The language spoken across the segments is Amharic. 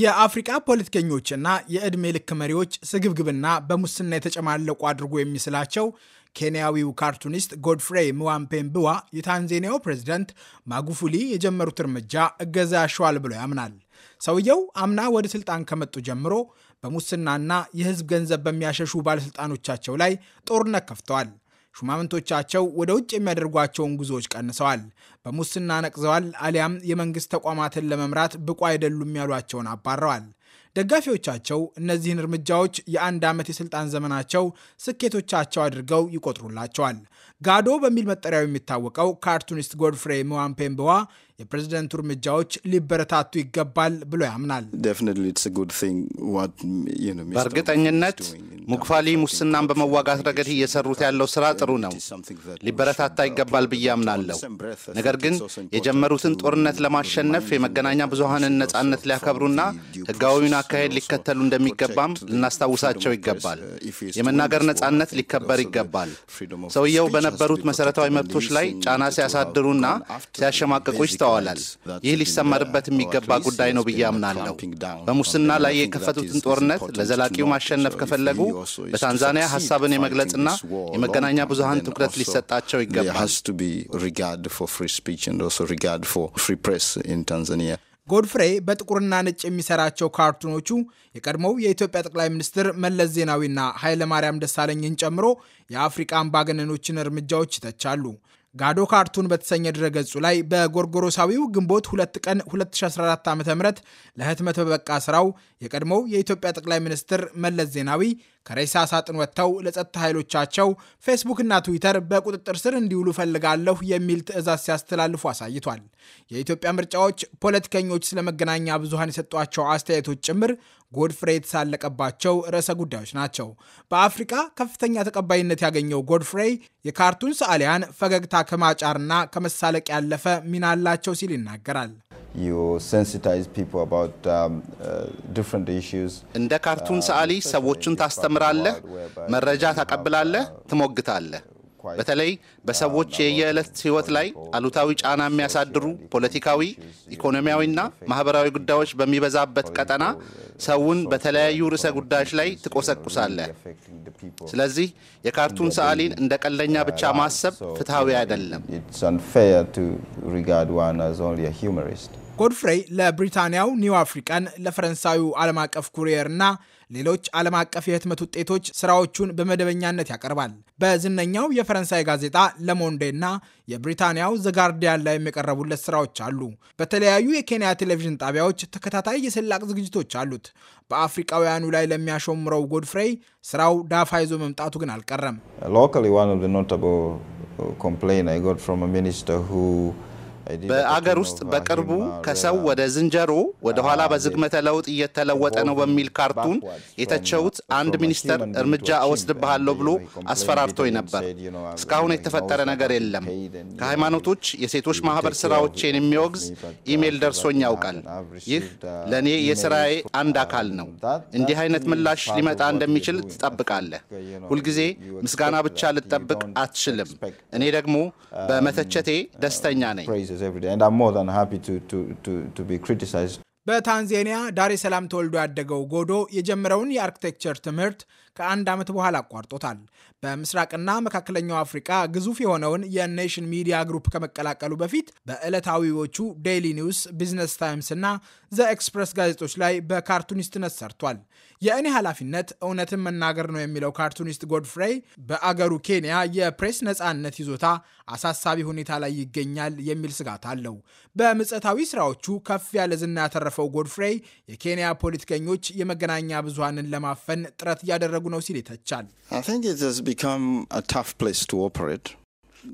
የአፍሪቃ ፖለቲከኞችና የዕድሜ ልክ መሪዎች ስግብግብና በሙስና የተጨማለቁ አድርጎ የሚስላቸው ኬንያዊው ካርቱኒስት ጎድፍሬ ሙዋምፔምብዋ የታንዜኒያው ፕሬዚደንት ማጉፉሊ የጀመሩት እርምጃ እገዛ ያሸዋል ብሎ ያምናል። ሰውየው አምና ወደ ስልጣን ከመጡ ጀምሮ በሙስናና የህዝብ ገንዘብ በሚያሸሹ ባለሥልጣኖቻቸው ላይ ጦርነት ከፍተዋል። ሹማምንቶቻቸው ወደ ውጭ የሚያደርጓቸውን ጉዞዎች ቀንሰዋል፣ በሙስና ነቅዘዋል፣ አሊያም የመንግስት ተቋማትን ለመምራት ብቁ አይደሉም ያሏቸውን አባረዋል። ደጋፊዎቻቸው እነዚህን እርምጃዎች የአንድ ዓመት የሥልጣን ዘመናቸው ስኬቶቻቸው አድርገው ይቆጥሩላቸዋል። ጋዶ በሚል መጠሪያው የሚታወቀው ካርቱኒስት ጎድፍሬ ሙዋምፔምበዋ የፕሬዝደንቱ እርምጃዎች ሊበረታቱ ይገባል ብሎ ያምናል። በእርግጠኝነት ሙክፋሊ ሙስናን በመዋጋት ረገድ እየሰሩት ያለው ስራ ጥሩ ነው፣ ሊበረታታ ይገባል ብዬ አምናለሁ። ነገር ግን የጀመሩትን ጦርነት ለማሸነፍ የመገናኛ ብዙሃንን ነጻነት ሊያከብሩና ህጋዊውን አካሄድ ሊከተሉ እንደሚገባም ልናስታውሳቸው ይገባል። uh, የመናገር ነጻነት ሊከበር ይገባል። ሰውየው በነበሩት መሰረታዊ መብቶች ላይ ጫና ሲያሳድሩና ሲያሸማቅቁ ይስተዋል። ይስተዋላል። ይህ ሊሰመርበት የሚገባ ጉዳይ ነው ብዬ አምናለሁ። በሙስና ላይ የከፈቱትን ጦርነት ለዘላቂው ማሸነፍ ከፈለጉ በታንዛኒያ ሀሳብን የመግለጽና የመገናኛ ብዙሃን ትኩረት ሊሰጣቸው ይገባል። ጎድፍሬ በጥቁርና ነጭ የሚሰራቸው ካርቱኖቹ የቀድሞው የኢትዮጵያ ጠቅላይ ሚኒስትር መለስ ዜናዊና ኃይለማርያም ደሳለኝን ጨምሮ የአፍሪቃ አምባገነኖችን እርምጃዎች ይተቻሉ። ጋዶ ካርቱን በተሰኘ ድረገጹ ላይ በጎርጎሮሳዊው ግንቦት ሁለት ቀን 2014 ዓ ም ለህትመት በበቃ ስራው የቀድሞው የኢትዮጵያ ጠቅላይ ሚኒስትር መለስ ዜናዊ ከሬሳ ሳጥን ወጥተው ለጸጥታ ኃይሎቻቸው ፌስቡክና ትዊተር በቁጥጥር ስር እንዲውሉ ፈልጋለሁ የሚል ትዕዛዝ ሲያስተላልፉ አሳይቷል። የኢትዮጵያ ምርጫዎች ፖለቲከኞች ስለ መገናኛ ብዙሃን የሰጧቸው አስተያየቶች ጭምር ጎድፍሬ የተሳለቀባቸው ርዕሰ ጉዳዮች ናቸው። በአፍሪካ ከፍተኛ ተቀባይነት ያገኘው ጎድፍሬ የካርቱን ሰዓሊያን ፈገግታ ከማጫርና ከመሳለቅ ያለፈ ሚና አላቸው ሲል ይናገራል። you sensitize people about um, uh, different issues እንደ ካርቱን uh, ሰዓሊ ሰዎቹን ታስተምራለህ፣ መረጃ uh, ታቀብላለህ፣ ትሞግታለህ። በተለይ በሰዎች የየዕለት ህይወት ላይ አሉታዊ ጫና የሚያሳድሩ ፖለቲካዊ፣ ኢኮኖሚያዊና ማህበራዊ ጉዳዮች በሚበዛበት ቀጠና ሰውን በተለያዩ ርዕሰ ጉዳዮች ላይ ትቆሰቁሳለህ። ስለዚህ የካርቱን ሰዓሊን እንደ ቀለኛ ብቻ uh, ማሰብ ፍትሐዊ አይደለም። ጎድፍሬይ ለብሪታንያው ኒው አፍሪካን ለፈረንሳዩ ዓለም አቀፍ ኩሪየር እና ሌሎች ዓለም አቀፍ የህትመት ውጤቶች ስራዎቹን በመደበኛነት ያቀርባል። በዝነኛው የፈረንሳይ ጋዜጣ ለሞንዴ እና የብሪታንያው ዘጋርዲያን ላይ የሚቀረቡለት ስራዎች አሉ። በተለያዩ የኬንያ ቴሌቪዥን ጣቢያዎች ተከታታይ የስላቅ ዝግጅቶች አሉት። በአፍሪቃውያኑ ላይ ለሚያሾምረው ጎድፍሬይ ስራው ዳፋ ይዞ መምጣቱ ግን አልቀረም። በአገር ውስጥ በቅርቡ ከሰው ወደ ዝንጀሮ ወደ ኋላ በዝግመተ ለውጥ እየተለወጠ ነው በሚል ካርቱን የተቸውት አንድ ሚኒስተር እርምጃ እወስድብሃለሁ ብሎ አስፈራርቶኝ ነበር። እስካሁን የተፈጠረ ነገር የለም። ከሃይማኖቶች የሴቶች ማህበር ስራዎቼን የሚወግዝ ኢሜይል ደርሶኝ ያውቃል። ይህ ለእኔ የስራዬ አንድ አካል ነው። እንዲህ አይነት ምላሽ ሊመጣ እንደሚችል ትጠብቃለህ። ሁልጊዜ ምስጋና ብቻ ልጠብቅ አትችልም። እኔ ደግሞ um, በመተቸቴ ደስተኛ ነኝ። every day. And I'm more than happy to, to, to, to be criticized በታንዛኒያ ዳሬ ሰላም ተወልዶ ያደገው ጎዶ የጀመረውን የአርክቴክቸር ትምህርት ከአንድ ዓመት በኋላ አቋርጦታል። በምስራቅና መካከለኛው አፍሪቃ ግዙፍ የሆነውን የኔሽን ሚዲያ ግሩፕ ከመቀላቀሉ በፊት በዕለታዊዎቹ ዴይሊ ኒውስ፣ ቢዝነስ ታይምስ እና ዘ ኤክስፕረስ ጋዜጦች ላይ በካርቱኒስትነት ሰርቷል። የእኔ ኃላፊነት እውነትን መናገር ነው የሚለው ካርቱኒስት ጎድፍሬይ በአገሩ ኬንያ የፕሬስ ነፃነት ይዞታ አሳሳቢ ሁኔታ ላይ ይገኛል የሚል ስጋት አለው። በምጸታዊ ስራዎቹ ከፍ ያለ ዝና ያተረፈ ያለፈው ጎድፍሬይ የኬንያ ፖለቲከኞች የመገናኛ ብዙሃንን ለማፈን ጥረት እያደረጉ ነው ሲል ይተቻል።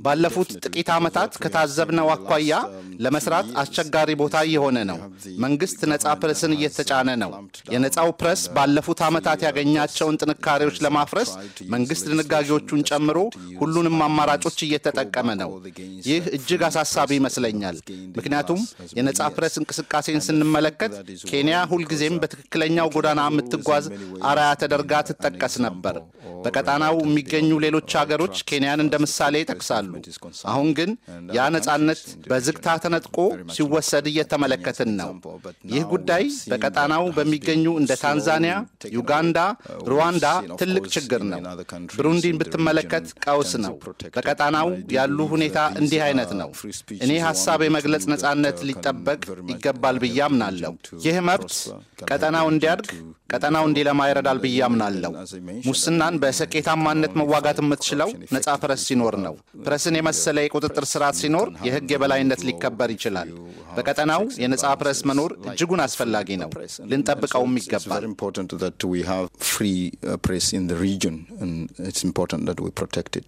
ባለፉት ጥቂት ዓመታት ከታዘብነው አኳያ ለመስራት አስቸጋሪ ቦታ እየሆነ ነው። መንግስት ነፃ ፕረስን እየተጫነ ነው። የነፃው ፕረስ ባለፉት ዓመታት ያገኛቸውን ጥንካሬዎች ለማፍረስ መንግስት ድንጋጌዎቹን ጨምሮ ሁሉንም አማራጮች እየተጠቀመ ነው። ይህ እጅግ አሳሳቢ ይመስለኛል። ምክንያቱም የነፃ ፕረስ እንቅስቃሴን ስንመለከት ኬንያ ሁልጊዜም በትክክለኛው ጎዳና የምትጓዝ አርአያ ተደርጋ ትጠቀስ ነበር። በቀጣናው የሚገኙ ሌሎች ሀገሮች ኬንያን እንደ ምሳሌ ጠቅሰ ይነሳሉ። አሁን ግን ያ ነጻነት በዝግታ ተነጥቆ ሲወሰድ እየተመለከትን ነው። ይህ ጉዳይ በቀጣናው በሚገኙ እንደ ታንዛኒያ፣ ዩጋንዳ፣ uh, ሩዋንዳ ትልቅ ችግር ነው። ብሩንዲን ብትመለከት ቀውስ ነው። በቀጣናው ያሉ ሁኔታ እንዲህ uh, አይነት ነው። እኔ ሀሳብ የመግለጽ ነጻነት ሊጠበቅ uh, ይገባል ብዬ አምናለሁ። ይህ መብት ቀጠናው እንዲያድግ ቀጠናው እንዲለማ ይረዳል ብዬ አምናለሁ። ሙስናን በስኬታማነት መዋጋት የምትችለው ነጻ ፕረስ ሲኖር ነው። ፕረስን የመሰለ የቁጥጥር ስርዓት ሲኖር የህግ የበላይነት ሊከበር ይችላል። በቀጠናው የነጻ ፕረስ መኖር እጅጉን አስፈላጊ ነው፣ ልንጠብቀውም ይገባል።